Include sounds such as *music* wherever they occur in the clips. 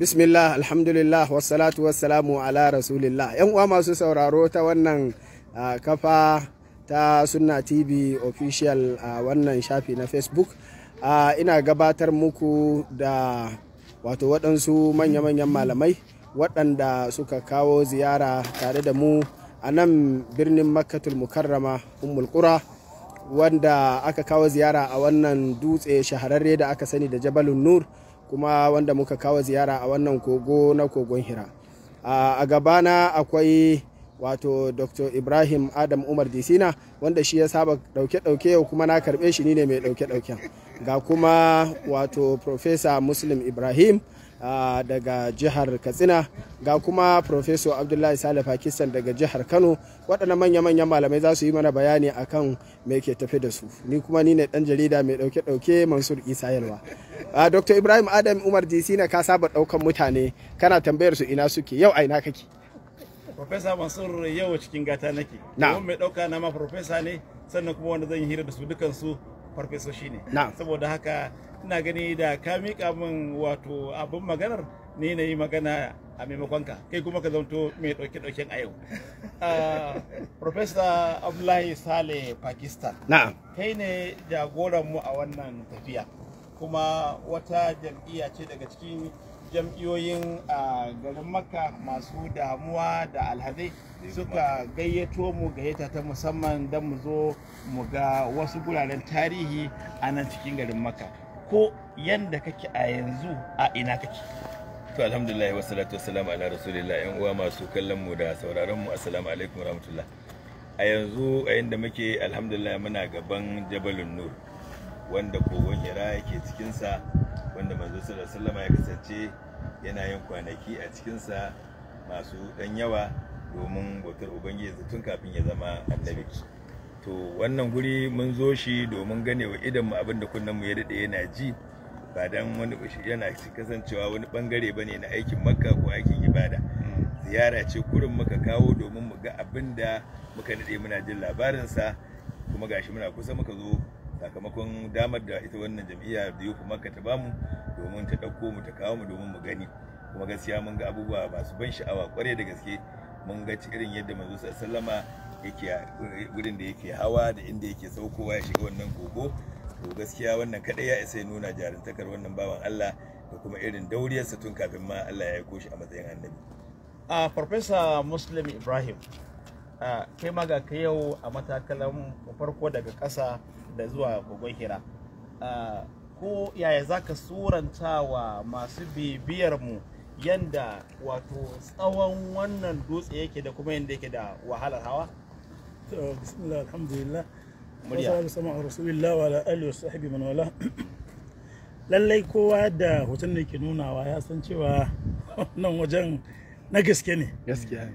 bismillah alhamdulillah wassalatu wassalamu ala rasulillah yan uwa masu sauraro ta wannan kafa ta sunna tv official a wannan shafi na facebook ina gabatar muku da wato waɗansu manya-manyan malamai waɗanda suka kawo ziyara tare da mu a nan birnin makkatul mukarrama ummul qura wanda aka kawo ziyara a wannan dutse shahararre da aka sani da jabalun nur kuma wanda muka kawo ziyara a wannan kogo na kogon hira a gabana akwai wato dr ibrahim adam umar disina wanda shi ya saba dauke-dauke yau kuma na karbe shi ne mai dauke-dauken ga kuma wato professor muslim ibrahim Uh, daga jihar katsina ga kuma professor abdullahi sale pakistan daga jihar kano waɗannan manya-manyan malamai za su yi mana bayani akan me ke tafi da su ni kuma ni ne dan jarida mai dauke dauke mansur isa yalwa dr ibrahim adam umar disina ka saba daukan mutane kana tambayar su ina suke yau a ina kake Profesa Mansur yau cikin gata nake. Na'am. mai dauka na ma profesa ne sannan kuma wanda zan yi hira da su dukan su farfesoshi ne. Na'am. Saboda haka ina gani da ka mika min wato abun maganar ni na yi magana a maimakon ka kai kuma ka zanto mai dauke dauken a yau. *laughs* Ah, profesa Abdullahi Sale Pakistan. Na'am. Kai ne jagoran mu a wannan tafiya. kuma wata jam'iyya ce daga cikin jam'iyoyin a garin makka masu damuwa da alhazai suka gayyato mu gayyata ta musamman don mu zo mu ga wasu guraren tarihi a nan cikin garin makka ko yadda kake a yanzu a ina kake to alhamdulillah wa salatu wa ala rasulillah yan uwa masu kallon mu da sauraron mu assalamu alaikum rahmatullah a yanzu a yanda muke alhamdulillah muna gaban jabalun nur wanda kogon hira yake cikinsa wanda manzo sallallahu alaihi ya kasance yana yin kwanaki a cikinsa masu ɗan yawa domin bautar ubangiji tun kafin ya zama annabi to wannan guri mun zo shi domin ganewa idan mu abinda da kunnen mu ya daɗe yana ji ba dan wani yana kasancewa wani bangare bane na aikin makka ko aikin ibada ziyara ce kurin muka kawo domin mu ga abin muka daɗe muna jin labarinsa kuma gashi muna kusa muka zo sakamakon damar da ita wannan jam'iyya da kuma ka ta bamu domin ta ɗauko mu ta kawo mu domin mu gani kuma gaskiya mun ga abubuwa masu ban sha'awa kwarai da gaske mun ga irin yadda manzo sallama yake da yake hawa da inda yake saukowa ya shiga wannan gogo to gaskiya wannan kadai ya isa ya nuna jaruntakar wannan bawan Allah da kuma irin dauriyarsa tun kafin ma Allah ya aiko shi a matsayin annabi a farfesa muslim ibrahim kai ma ga yau a matakalan farko daga ƙasa da zuwa kogon hira ah, ko yaya za ka suranta wa masu bibiyar mu yanda wato tsawon wannan dutse yake da kuma yadda yake da wahalar hawa bismillah alhamdulillah murya sama a rasulillah wa lallai kowa da hoton da ke nunawa ya san cewa *laughs* nan wajen na gaske ne gaskiya ne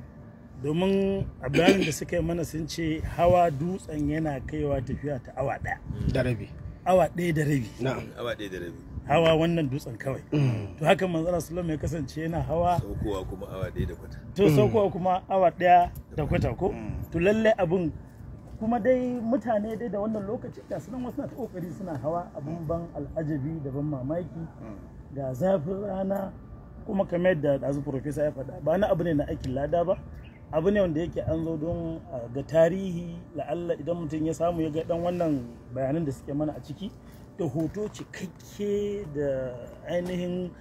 domin a bayanin da suka yi mana sun ce hawa dutsen yana kaiwa tafiya ta awa ɗaya da rabi awa ɗaya da rabi na awa ɗaya da rabi hawa wannan dutsen kawai mm. to haka manzo Allah mai ya kasance yana hawa saukowa kuma awa ɗaya da kwata to saukowa kuma awa ɗaya da kwata ko mm. to lalle abun kuma dai mutane dai da wannan lokaci ga sunan wasu na kokari suna hawa abun ban al'ajabi da ban mamaki mm. ga zafin rana kuma kamar yadda ɗazu profesa ya faɗa ba na abu ne na aikin lada ba abu ne wanda yake an zo don ga tarihi la'alla idan mutum ya samu ya ga dan wannan bayanan da suke mana a ciki da hoto cikakke da ainihin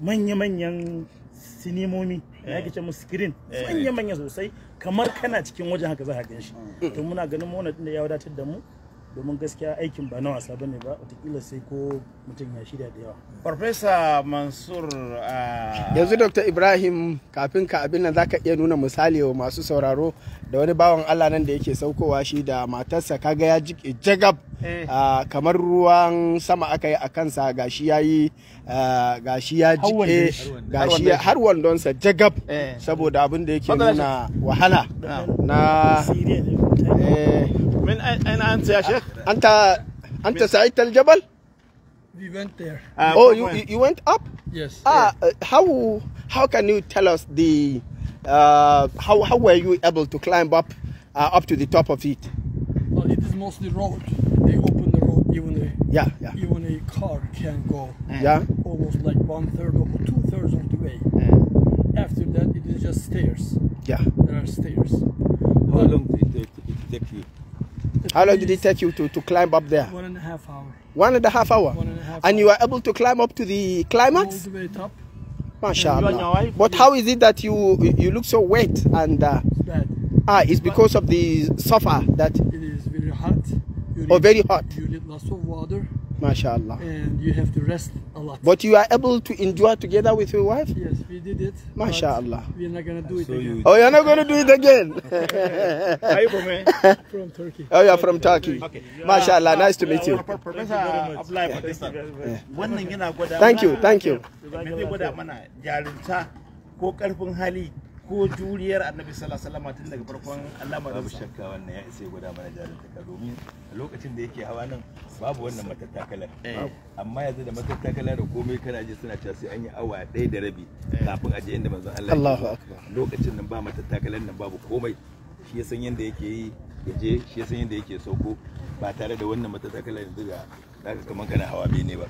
manya-manyan sinimomi da ya ce musu screen eh. manya-manya sosai kamar kana cikin wajen haka za a gan shi mm. to muna ganin wannan din da ya wadatar da mu domin gaskiya aikin ba na wasa bane ba watakila sai ko mutum ya shirya da yawa farfesa mansur yanzu dr ibrahim kafin ka abin nan zaka iya nuna misali wa masu sauraro da wani bawan allah nan da yake saukowa shi da matarsa kaga ya jiki jagab eh. kamar ruwan sama aka yi a kansa gashi ya yi gashi ya jike gashi har wandonsa jagab eh. saboda abin da yake nuna wahala na من اين انت يا شيخ؟ انت انت صعدت الجبل؟ We went there. Uh, oh, you, you went up? Yes. Ah, yeah. Uh, how how can you tell us the uh, how how were you able to climb up uh, up to the top of it? Well, it is mostly road. They open the road even a yeah, yeah. even a car can go mm. yeah almost like one third or two thirds of the way. Yeah. Mm. After that, it is just stairs. Yeah, there are stairs. How but long did it take you? How long did it take you to, to climb up there? One and a half hour. One and a half hour? One and a half And you were able to climb up to the climax? All the way top. MashaAllah. But how is it that you you look so wet and... Uh, it's Ah, it's because of the sofa that... It is very hot. You oh, need, oh, very hot. You need lots of water. MashaAllah. And you have to rest a lot. But you are able to endure together with your wife? Yes, we did it. MashaAllah. We're not going to do it again. Oh, you're not going to do it again? are you from From Turkey. Oh, you're from Turkey. Okay. MashaAllah, nice to meet you. Thank you, thank you. ko juriyar annabi sallallahu alaihi wasallam tun daga farkon ma babu shakka wannan ya isa guda mana ta domin a lokacin da yake hawa nan babu wannan matattakalar eh. amma yanzu da matattakala da komai kana ji suna cewa sai an yi awa ɗaya da rabi eh. kafin a je inda manzon Allah Allahu akbar lokacin nan ba matattakalar nan babu komai shi ya san yanda yake yi ya je shi ya san yanda yake sauko ba tare da wannan matattakalar yanzu ga zaka kaman kana hawa bene ba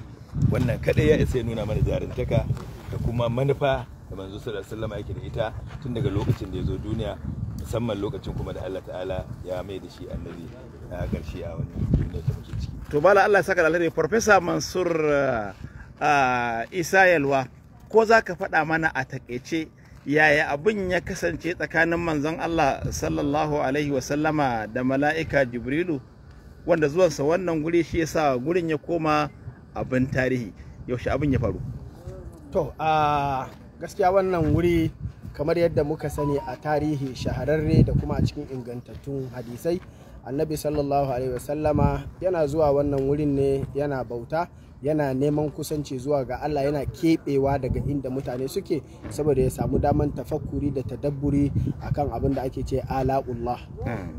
wannan kadai ya isa nuna mana jarumtaka da kuma manufa da manzo sallallahu alaihi wasallam yake da ita tun daga lokacin da ya zo duniya musamman lokacin kuma da Allah ta'ala ya mai da shi annabi a ƙarshe a wannan duniya ta muke ciki to mala Allah saka da alheri professor Mansur ah, ah, Isa Yalwa ko za ka faɗa mana a taƙaice yaya abin ya kasance tsakanin manzon Allah sallallahu alaihi wasallama da mala'ika Jibrilu wanda zuwansa wannan guri shi yasa gurin ya koma abin tarihi yaushe abin ya faru to a ah, gaskiya wannan wuri kamar yadda muka sani a tarihi shahararre da kuma a cikin ingantattun hadisai annabi sallallahu alaihi wasallama yana zuwa wannan wurin ne yana bauta yana neman kusanci zuwa ga Allah yana keɓewa daga inda mutane suke saboda ya samu daman tafakkuri da tadabburi akan abin da ake ce ala'ullah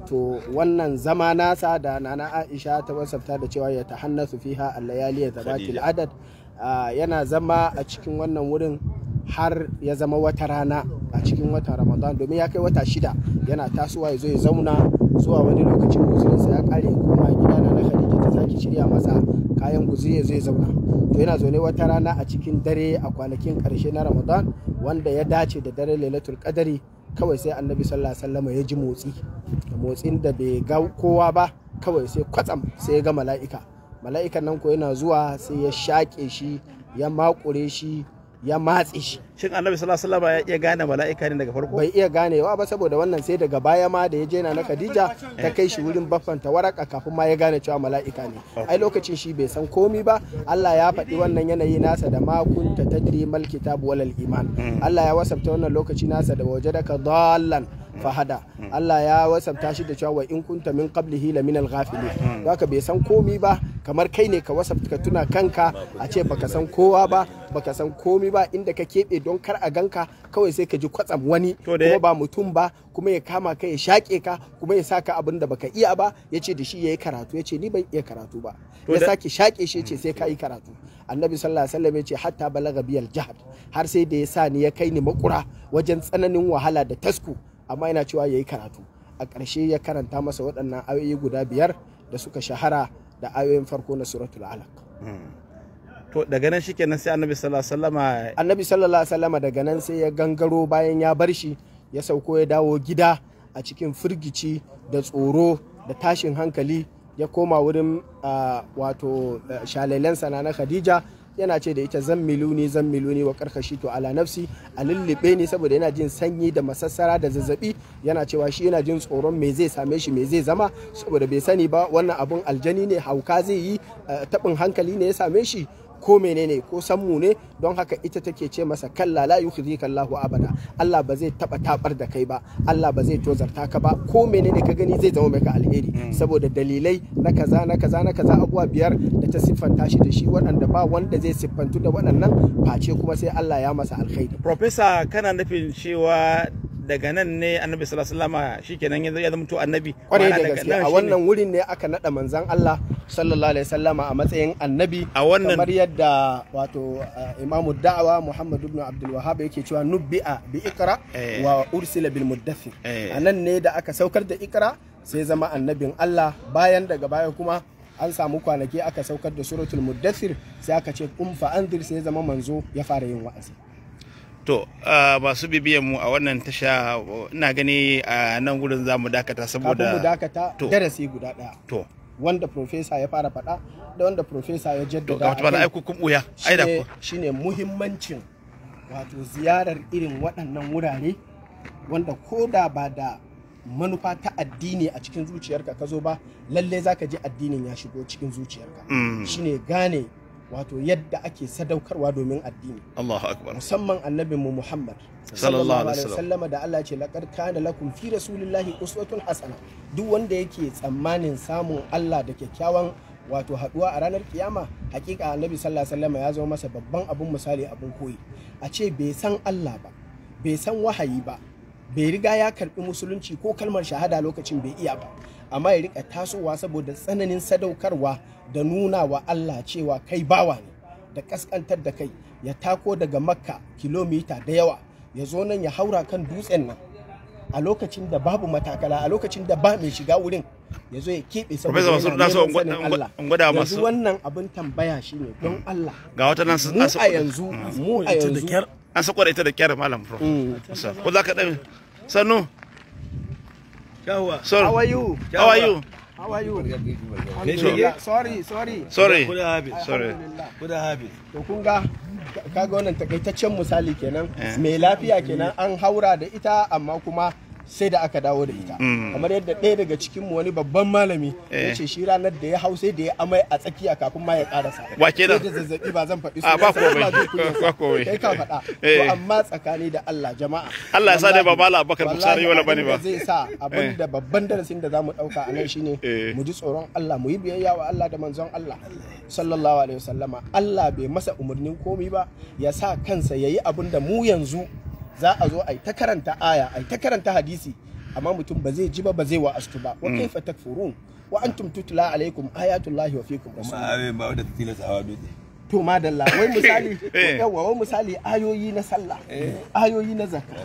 to wannan zama nasa da nana aisha ta wasafta da cewa ya ta fiha al-layali zaba adad yana zama a cikin wannan wurin har ya zama wata rana a cikin watan ramadan domin ya kai wata shida yana tasowa ya zo ya zauna zuwa wani lokacin guzurinsa ya kare kuma gida na na khadija ta zaki shirya masa kayan guzuri ya zo ya zauna to yana zaune wata rana a cikin dare a kwanakin karshe na ramadan wanda ya dace da dare lailatul qadari kawai sai annabi sallallahu alaihi wasallam ya ji motsi motsin da bai ga kowa ba kawai sai kwatsam sai ya ga mala'ika mala'ikan nan ko yana zuwa sai ya shaƙe shi ya makure shi ya matse shi shin annabi sallallahu alaihi wasallam ya gane mala'ika ne daga farko bai iya ganewa ba saboda wannan sai daga baya ma da ya je na Khadija ta eh. kai shi wurin baffanta waraka kafin ma ya gane cewa mala'ika ne ai lokacin shi bai san komi ba Allah ya faɗi wannan yanayi nasa da ma kunta tadri mal kitab wal iman hmm. Allah ya wasafta wannan lokaci nasa da wajadaka dallan fahada Allah ya wasabta shi da cewa wa in kunta min qablihi la minal ghafilin baka bai san komi ba kamar kai ne ka wasabta ka tuna kanka a ce baka san kowa ba baka san komi ba inda ka keɓe don kar a ganka kawai sai ka ji kwatsam wani kuma ba mutum ba kuma ya kama ka ya shake ka kuma ya saka abin da baka iya ba ya ce da shi ya karatu yace ni ban iya karatu ba ya saki shake shi yace sai ka yi karatu annabi sallallahu alaihi wasallam ya ce hatta balaga biyal jahad har sai da ya sa ni ya kai ni makura wajen tsananin wahala da tasku amma ina cewa ya yi karatu a ƙarshe ya karanta masa waɗannan ayoyi guda biyar da suka shahara da ayoyin farko na suratul alaq hmm. to daga nan shikenan sai annabi sallallahu alaihi wasallama annabi sallallahu alaihi wasallama daga nan sai ya gangaro bayan ya bar shi ya sauko ya dawo gida a cikin firgici da tsoro da tashin hankali ya koma wurin ah, wato eh, shalalensa na Khadija yana ce da ita zan miluni zan miluni wa karkashi to ala nafsi a lullube ne saboda yana jin sanyi da masassara da zazzabi yana cewa shi yana jin tsoron me zai same shi me zai zama saboda bai sani ba wannan abun aljani ne hauka zai yi eh, tabin hankali ne ya same shi ko menene ko sammu ne don haka ita take ce masa kalla la yukhzika Allahu abada Allah ba zai taba tabar da kai ba Allah ba zai tozarta ka ba ko menene ka gani zai zama maka alheri mm. saboda dalilai na kaza na kaza na kaza abuwa biyar da ta siffanta shi da shi waɗanda ba wanda zai siffantu da waɗannan face kuma sai Allah ya masa alkhairi professor kana nufin cewa daga nan ne annabi sallallahu alaihi wasallam shikenan ya zama to annabi kwarai da gaske a wannan wurin ne aka nada manzon Allah sallallahu alaihi wasallama a matsayin annabi a wannan kamar yadda wato eh, imamu da'awa Muhammad ibn Abdul Wahhab yake cewa nubbi'a bi ikra eh. wa ursila bil muddathir eh. anan ne da aka saukar da ikra sai zama annabin Allah bayan daga baya kuma an samu kwanaki aka saukar da suratul muddathir sai aka ce kun fa anzir sai zama manzo ya fara yin wa'azi to masu bibiyan mu a wannan tasha ina gani a nan gurin za mu dakata saboda kafin mu dakata darasi guda daya to wanda profesa ya fara faɗa da wanda profesa ya jaddada to ga ai kun buya ai da ku shine muhimmancin wato ziyarar irin waɗannan wurare wanda ko da ba da manufa ta addini a cikin zuciyarka ka zo ba lalle za ka ji addinin ya shigo cikin zuciyarka mm. shine gane wato yadda ake sadaukarwa domin addini Allahu musamman annabi Muhammad sallallahu da Allah ce laqad kana lakum fi rasulillahi uswatun hasana duk wanda yake tsammanin samun Allah da kyakkyawan wato haduwa a ranar kiyama hakika annabi sallallahu alaihi wasallam ya zama masa babban abun misali abun koyi a ce bai san Allah ba bai san wahayi ba bai riga ya karbi musulunci ko kalmar shahada lokacin bai iya ba amma ya rika tasowa saboda tsananin sadaukarwa da nuna wa Allah cewa kai bawa ne da kaskantar da kai ya tako daga makka kilomita da yawa ya zo nan ya haura kan dutsen nan a lokacin da babu matakala a lokacin da ba mai shiga wurin ya zo ya keɓe saboda Allah yanzu wannan abin tambaya shine don Allah mu a yanzu mu a yanzu an sako da ita da kyara malam bro mm. ko zaka ka dan sannu how are you how are you How are you? Sorry, sorry. Sorry. Kuda habi. Sorry. Kuda habi. To kun ga kaga wannan takaitaccen misali kenan. Eh. Mai lafiya kenan an haura da ita amma kuma sai da aka dawo da ita mm. kamar yadda ɗaya daga cikin mu wani babban malami eh. ya ce shi ranar da ya hau sai da ya amai a tsakiya kafin ma ya karasa wa ke da zazzabi ba zan faɗi ah, ba komai kai ka faɗa *laughs* eh. amma tsakani da Allah jama'a Allah ya sa dai baba Abubakar Musari wala bani ba zai sa abinda eh. babban darasin da zamu dauka a nan shine mu ji tsoron Allah mu yi biyayya wa Allah da manzon Allah sallallahu alaihi wasallama Allah bai masa umurnin komai ba ya sa kansa yayi abinda mu yanzu za a zo a ta karanta aya a ta karanta hadisi amma mutum ba zai ji ba ba zai wa'astu ba wa mm. kaifa takfurun wa antum tutla alaikum ayatullahi wa fikum rasul ba da tilasawa dole to madalla wai *laughs* misali eh. yawa wai misali ayoyi na sallah eh. ayoyi na zakka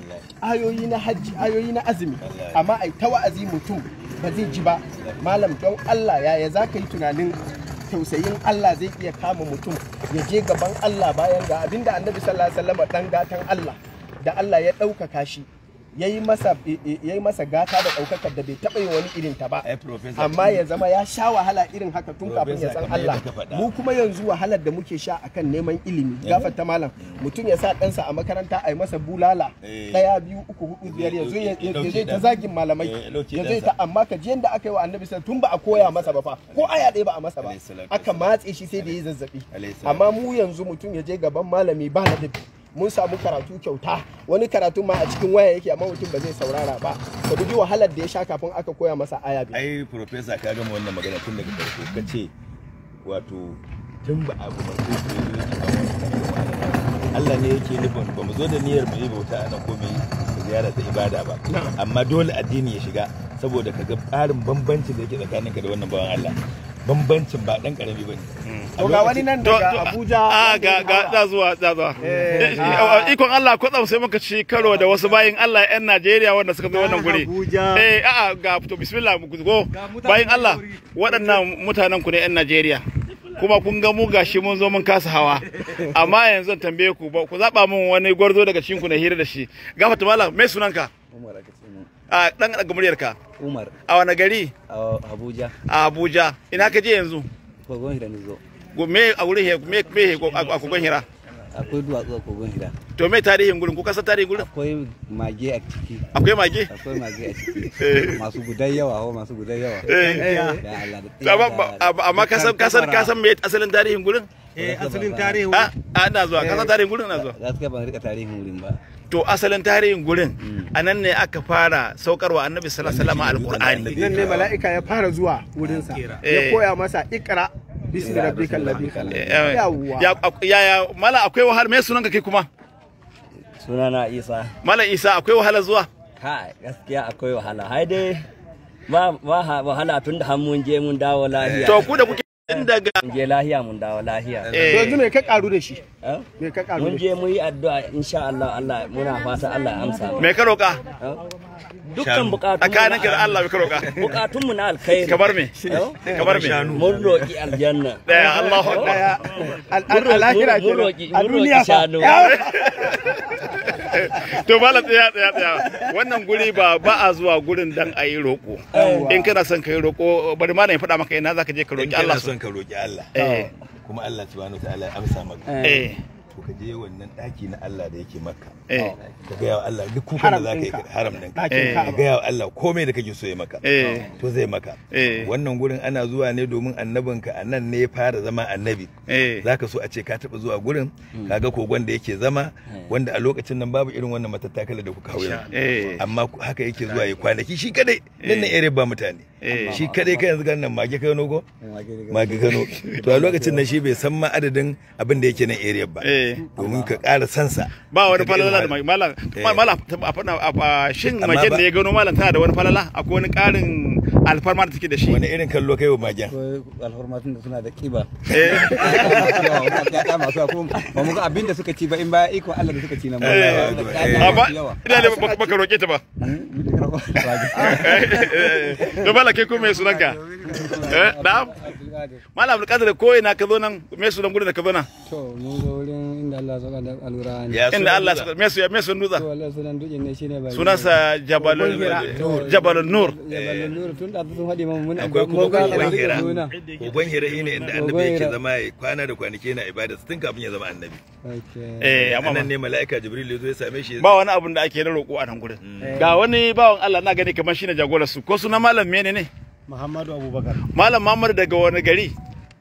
ayoyi na hajji ayoyi na azumi amma ai ta wa'azi mutum ba zai ji ba malam don Allah yaya zaka yi tunanin tausayin Allah zai iya kama mutum ya je gaban Allah bayan ga abinda annabi sallallahu alaihi wasallam dan gatan Allah da Allah ya ɗaukaka shi e, e, ya yi masa gata da ɗaukakar da bai taɓa yi wani irin ta ba eh, amma ya zama ya sha wahala irin haka tun kafin ya san Allah mu kuma yanzu wahalar da muke sha akan neman ilimi eh. gafata malam mutum ya sa ɗansa a makaranta a yi masa bulala eh. ɗaya biyu uku hudu biyar yanzu ya zai ta zagin malamai ya zai ta amma ka ji yadda aka yi wa annabi sai tun ba a koya masa ba fa ko aya ɗaya ba a masa ba aka matse shi sai da ya zazzabi amma mu yanzu mutum ya je gaban malami ba ladabi mun samu karatu kyauta wani karatu ma a cikin waya yake amma mutum ba zai saurara ba ka guji wahalar da ya sha kafin aka koya masa aya biyu ai professor ka gama wannan magana tun daga farko kace wato tun ba abu mai Allah ne yake nufin ba mu zo da niyyar mu yi bauta a nan ko mu ziyara ta ibada ba amma dole addini ya shiga saboda ka ga ƙarin bambanci da yake tsakaninka da wannan bawan Allah bambancin ba dan karami ba to ga wani nan daga Abuja a ga ga da zuwa da zuwa eh, ikon Allah ko sai muka ci karo da wasu bayin Allah yan Najeriya wanda suka zo wannan guri eh a ga to bismillah mu go bayin Allah waɗannan mutanen ku ne yan Najeriya kuma kun ga mu gashi mun zo mun kasa hawa amma yanzu zan tambaye ku ba ku zaba min wani gwarzo daga cikin ku na hira da shi gafa malam me sunanka Umar a dan daga ka. umar a wani gari a abuja a abuja ina ka je yanzu kogon hira ne zo me a wurin me me a kogon hira akwai duwatsu a kogon hira to me tarihin gurin ko kasa tarihin gurin akwai mage a ciki akwai mage akwai mage a ciki eh. masu gudan yawa ho masu gudan yawa amma kasan san ka me asalin tarihin gurin eh asalin tarihin a ah, ah, ina zuwa ka eh. tarihin gurin ina zuwa gaskiya ban rika tarihin gurin ba to asalin tarihin gurin hmm. a nan ne aka fara saukarwa annabi sallallahu alaihi wasallam alqur'ani nan ne mala'ika ya fara zuwa wurin sa ya eh. koya masa ikra bismi rabbikal ladhi khalaq eh, eh. ya ya mala akwai wahala me ka kai kuma sunana isa mala isa akwai wahala zuwa kai gaskiya akwai wahala haide dai ma wahala tun da mun je mun dawo lafiya to ku da tun daga mun je lahiya mun dawo lahiya yanzu me ka karu da shi me ka karu mun je mu yi addu'a insha Allah Allah muna fata Allah ya amsa me ka roka dukkan bukatun ka Allah me ka bukatun mu na alkhairi kamar me me mun roki aljanna daya Allahu akbar al-akhirah mun a duniya shanu to bala tsaya tsaya tsaya wannan guri ba ba a zuwa gurin dan a yi roƙo in kana son ka yi roƙo bari ma na faɗa maka ina zaka je ka roƙi Allah in kana son ka roƙi Allah eh. kuma Allah subhanahu wa ta'ala ya amsa maka eh to ka je wannan daki na Allah da yake maka eh. ka gaya wa Allah duk kuka da zaka yi haram ɗinka eh. ka gaya wa Allah komai da kake so ya maka eh. to zai maka wannan gurin ana zuwa ne domin annabinka a nan ne ya fara zama annabi zaka so a ce ka taɓa zuwa gurin Ka ga kogon da yake zama wanda a lokacin nan babu irin wannan matattakala da kuka hau amma haka yake zuwa ya kwanaki shi kadai nan ne ere ba mutane shi kadai kai yanzu ganin mage kano ko. mage kano to a lokacin nan shi bai san ma adadin abin da yake nan area ba Eh. domin ka ƙara sansa ba wani falala da malam eh. malam a shin magen da ya gano malam tana da wani falala akwai wani ƙarin alfarma da take da shi wani irin kallo kai wa magen alfarma tun da suna da kiba eh *laughs* masu ko ba mu ga abin da suka ci ba in ba iko Allah da suka ci na mu eh. ba ba da baka roke ta ba hmm? *laughs* to bala ke ko me ka *laughs* eh da malam Abdulkadir ko ina ka zo nan me sunan gudu da ka zo nan to mun zo wurin inda Allah saka da alqur'ani inda Allah saka me me sun to wallahi sunan duje ne shine ba sunan sa jabalul jabalul nur eh. jabalul nur tun da sun hadi mun mun akwai kuma kogon hira kogon hira ne inda annabi yake zama ya kwana da kwanaki yana ibada tun kafin ya zama annabi eh amma nan ne mala'ika jibril ya zo ya same shi ba wani abun da ake na roko a nan gurin mm. eh. ga wani bawan Allah na gani kamar shine jagorar su ko sunan malam menene Muhammadu Abubakar Malam Muhammadu daga wani gari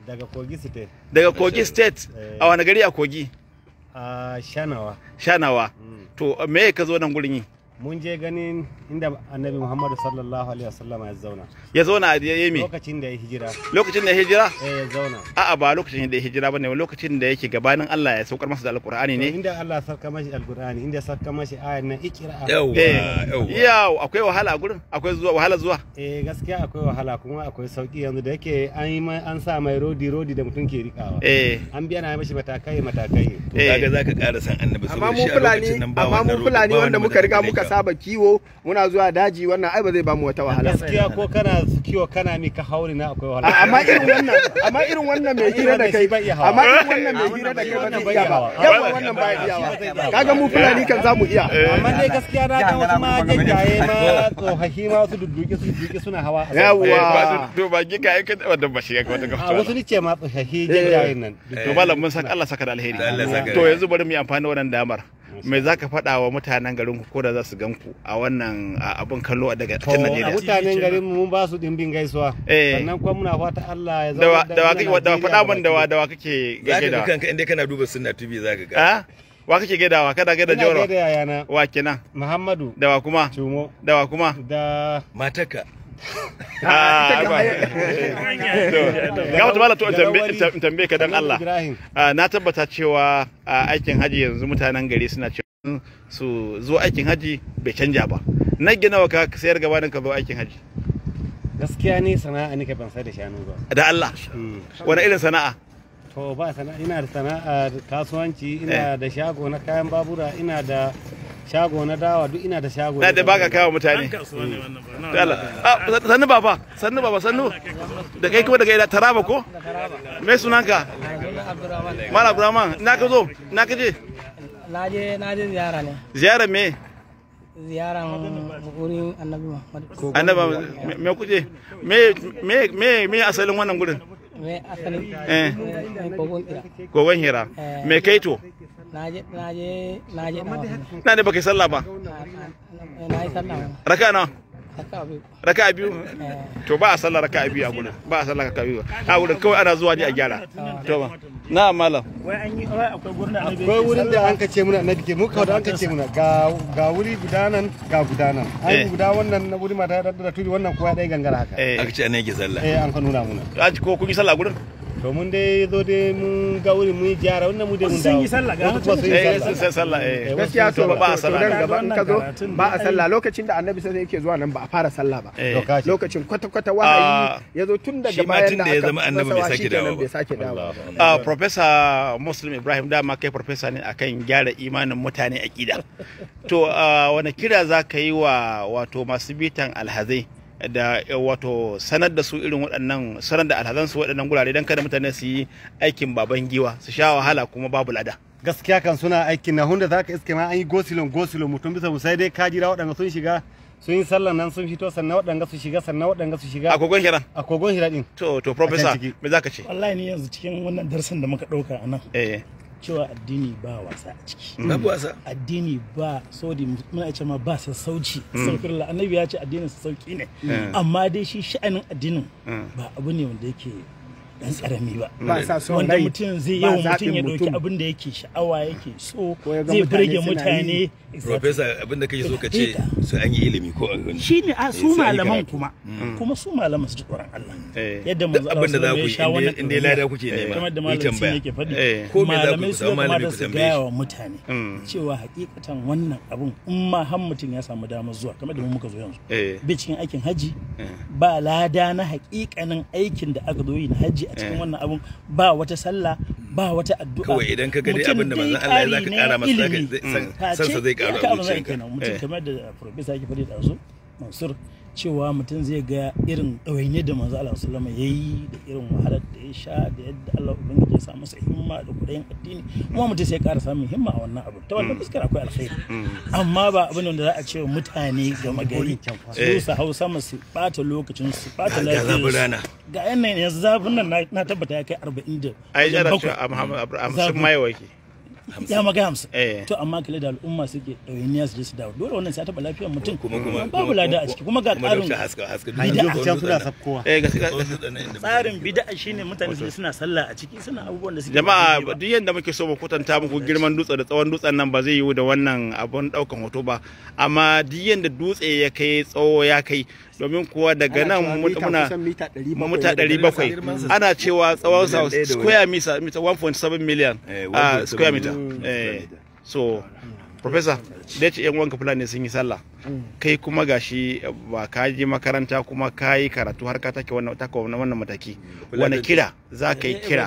daga kogi state daga kogi eh. state a wani gari a kogi Ah, shanawa shanawa mm. to me ka zo nan gurin yi mun je ganin inda annabi muhammadu sallallahu alaihi wasallam ya zauna ya zauna ya yi lokacin da ya hijira lokacin da ya hijira eh ya zauna a'a ba lokacin da ya hijira bane lokacin da yake gabanin Allah ya saukar masa da alqur'ani ne inda Allah sarka mashi alqur'ani inda sarka mashi ayar na ikra yawa eh, yawa akwai wahala a gurin akwai zuwa wahala zuwa eh gaskiya akwai wahala kuma akwai sauki yanzu da yake an yi an sa mai rodi rodi da mutum ke rikawa eh an biya na mashi matakai matakai to kaga eh. zaka ƙara san annabi sallallahu shi a lokacin nan ba amma mu fulani wanda muka riga muka saba kiwo muna zuwa daji wannan ai ba zai bamu wata wahala gaskiya ko kana kiwo kana mi ka hauri na akwai wahala amma irin wannan amma irin wannan mai hira da kai amma irin wannan mai hira da kai ba zai iya ba yawa wannan ba iya ba kaga mu fulani kan zamu iya eh. amma dai gaskiya na ga wasu ma jajjaye ma tsofaffi ma wasu dudduke su dudduke suna hawa yawa to eh, ba gika ai ka da bashi shi ka wata gaba wasu ni ce ma tsofaffi jajjayen nan eh. to malam mun san Allah saka da alheri to yanzu bari mu yi amfani da wannan damar me za ka faɗa wa mutanen garin ku ko da za su gan ku a wannan abin kallo daga cikin Najeriya mutanen garin mu mun ba su dimbin gaisuwa eh. sannan kuma muna fata Allah ya zama da wa da faɗa man da wa da wa kake gaida zaka kanka inda kana duba sunna tubi ka ga ah? wa kake gaidawa kada gaida jawara wa kenan Muhammadu da wa kuma da wa kuma da mataka Ah, ga wata mala to tambaye ka dan Allah ah, na tabbata cewa ah, aikin haji yanzu mutanen gari suna cewa su zo aikin haji bai canja ba na gina wa ka sayar gabanin ka zo aikin haji gaskiya ne sana'a nake ban sai da shanu ba da Allah hmm. wani irin sana'a to ba sana'a ina da sana'a kasuwanci ina eh. da shago na kayan babura ina da shago na dawa duk ina da shago na da baka kawo mutane ah, sannu baba sannu baba sannu da kai kuma daga ila taraba ko mai sunanka mala abdurrahman n'a ka zo n'a ka je na je na je ziyara ne ziyara me ziyara wurin annabi muhammad annabi me kuje me me me asalin wannan gurin me asalin eh kogon hira me kaito naje naje naje na ne baka sallah ba na yi sallah raka na raka biyu to ba a sallah raka biyu a gurin ba a sallah raka biyu a gurin kawai ana zuwa ne a gyara to ba na malam akwai wurin da an kace muna na dike muka da an kace muna ga ga wuri guda nan ga guda gudanan ai guda wannan na wuri mata da turi wannan kowa dai gangara haka eh aka ce ne ke sallah eh an ka nuna muna ko kun yi sallah gurin to mun dai zo dai mun ga wuri mun jara wannan mu dai mun dawo sun yi sallah ga mutum sun yi sallah eh, sun sallah eh, eh gaskiya to ba a sallah dan ban ka zo ba a sallah lokacin da annabi sai yake zuwa nan ba a fara sallah ba eh. lokacin kwata kwata wahayi ah. ya zo tun daga bayan da aka zama annabi bai sake dawo bai sake dawo ah professor muslim ibrahim da ma kai professor ne akan gyara imanin mutane akida to ah, wani kira za ka yi wa wato masu bitan alhazai da eh, wato sanar da su irin waɗannan sanar da su waɗannan gurare don kada mutane su yi aikin baban giwa su sha wahala kuma babu lada. gaskiya kan suna aikin na hunda zaka iske ma an yi gosilon gosilon mutum bisa musai dai ka jira waɗanda sun shiga sun yi sallan nan sun fito sannan waɗanda su shiga sannan waɗanda su shiga kogon hiran a hiran din to to professor me zaka ce wallahi ni yanzu cikin wannan darasin da muka ɗauka a nan eh. cewa addini ba wasa a ciki mm. babu wasa addini ba saudi muna ce ma ba sassauci mm. sauƙirla annabi ya ce addinin sassauki ne mm. amma dai shi sha'anin addinin ba abu ne wanda yake dan karami ba wanda mutum zai yau mutum ya dauki abin da yake sha'awa yake so zai burge mutane professor abin da kake so ka ce su an yi ilimi ko shine a su malaman kuma mm. kuma su malaman su tsoron Allah eh. yadda manzo Allah abin da za ku yi inda lada kuke eh, nema kamar da malamin yake faɗi eh. ko me za ku samu malami ku tambaye shi mutane mm. cewa hakikatan wannan abun in ma har mutum ya samu damar zuwa kamar da mu muka zo yanzu bi cikin aikin haji ba lada na hakikanin aikin da aka zo yi na haji a cikin eh. wannan abun ba wata sallah ba wata addu'a kawai idan ka gani abin da manzon Allah ya zaka kara masa san sa zai karu mutum eh. kamar da professor yake fadi da su Mansur cewa mutum zai ga irin ɗawainye da manzo Allah sallama ya yi da irin wahalar da ya sha da yadda Allah ubangiji ya sa masa himma da kudayen addini kuma mutum sai ƙara samun himma a wannan abu ta wannan fuskar akwai alkhairi mm. amma ba abin da za a ce mutane ga magari su su hau sama su ɓata lokacin su bata lafiyar ga yanayin yanzu zafin nan na tabbata ya kai arba'in da ai jara a Muhammad Abraham sun mai wake ya ya hamsin eh. to amma kila da al'umma suke ɗawainiya su je su dawo dole wannan sai ta taɓa lafiyar mutum kuma kuma babu lada a ciki kuma ga tsarin bida'a tsarin bida'a shine mutane su suna sallah a ciki suna abubuwan da suke jama'a duk yanda muke so mu kwatanta muku girman dutse da tsawon dutsen nan ba zai yiwu da wannan abun daukan hoto ba amma duk yanda dutse ya kai tsawo ya kai domin kuwa daga nan muna mamuta 700 ana cewa tsawon sa square meter 1.7 million eh, a ah, eh, square meter so mm. professor da ce yan wanka fulani sun yi sallah kai kuma gashi ba ka je makaranta kuma ka yi karatu har ka take wannan take wannan mataki wani kira za ka yi eh, eh, kira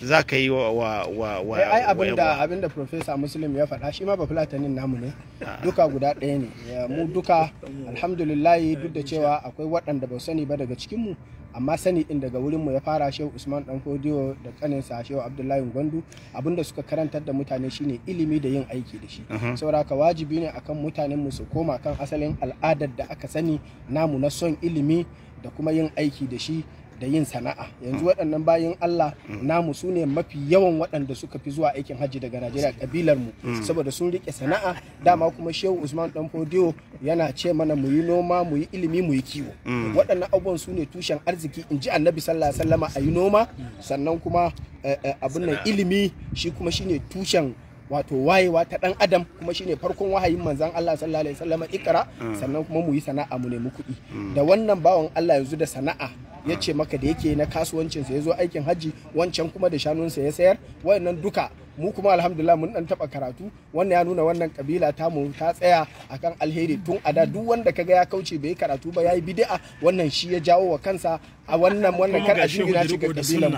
za ka yi wa wa wa ai abinda abinda professor muslim ya faɗa shi ma ba fulatanin namu ne ah. duka guda ɗaya ne mu duka alhamdulillah duk da cewa akwai waɗanda ba sani ba daga cikin mu amma sani din daga wurin mu ya fara shehu usman dan kodiyo da kaninsa shehu abdullahi gwandu abinda suka karantar da mutane shine ilimi da yin aiki da shi uh-huh. sauraka wajibi ne akan mutanen mu su koma kan asalin al'adar da aka sani namu na son ilimi da kuma yin aiki da shi da yin sana'a yanzu waɗannan bayan Allah namu su ne mafi yawan waɗanda suka fi zuwa aikin hajji daga Najeriya kabilar mu mm. saboda sun rike sana'a dama kuma Shehu Usman Dan fodio yana ce mana mu yi noma mu yi ilimi mu yi kiwo mm. waɗannan abubuwan su ne tushen arziki in ji Annabi sallallahu alaihi wasallama a yi noma sannan kuma eh, eh, abin nan ilimi shi kuma shine tushen wato wayewa ta dan adam kuma shine farkon wahayin manzon Allah sallallahu alaihi wasallam ikra mm. sannan kuma mu yi sana'a mu nemi kuɗi mm. da wannan bawan Allah yanzu da sana'a ya mm. ce maka da yake na kasuwancinsa ya zo aikin hajji wancan kuma da sa ya sayar wayannan duka mu kuma alhamdulillah mun dan taba karatu wannan ya nuna wannan kabila ta mu ta tsaya akan alheri tun a da duk wanda kaga ya kauce bai karatu ba yayi bid'a wannan shi ya jawo wa kansa a wannan wannan kar a shiga cikin ga kabilan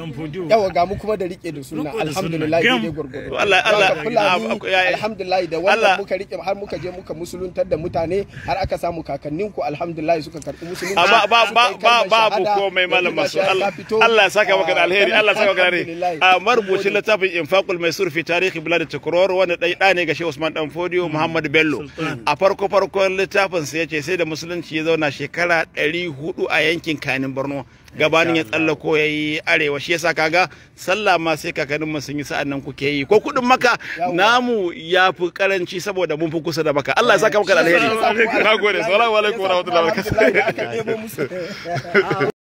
mu yawa ga mu kuma da rike da sunna alhamdulillah dai gurgudu Allah Allah alhamdulillah da wannan muka rike har muka je muka musuluntar da mutane har aka samu kakannin ku alhamdulillah suka karbi musulunci ba ba ba ba ba babu komai malam masu Allah Allah ya saka maka da alheri Allah ya saka maka da alheri a marubucin littafin ishaqul maisur fi tarihi bilad tukror wanda dai da ne ga shehu usman dan fodio mm. muhammad bello a farko farkon littafin sa yace sai da musulunci ya zauna shekara 400 a yankin kanin borno gabanin ya tsallako yayi arewa shi yasa kaga sallah ma sai kakanin mu sun yi sa'an nan kuke yi ko kudin maka namu ya karanci saboda mun fi kusa da maka Allah ya saka maka alheri nagode salamu alaikum warahmatullahi wabarakatuh *laughs*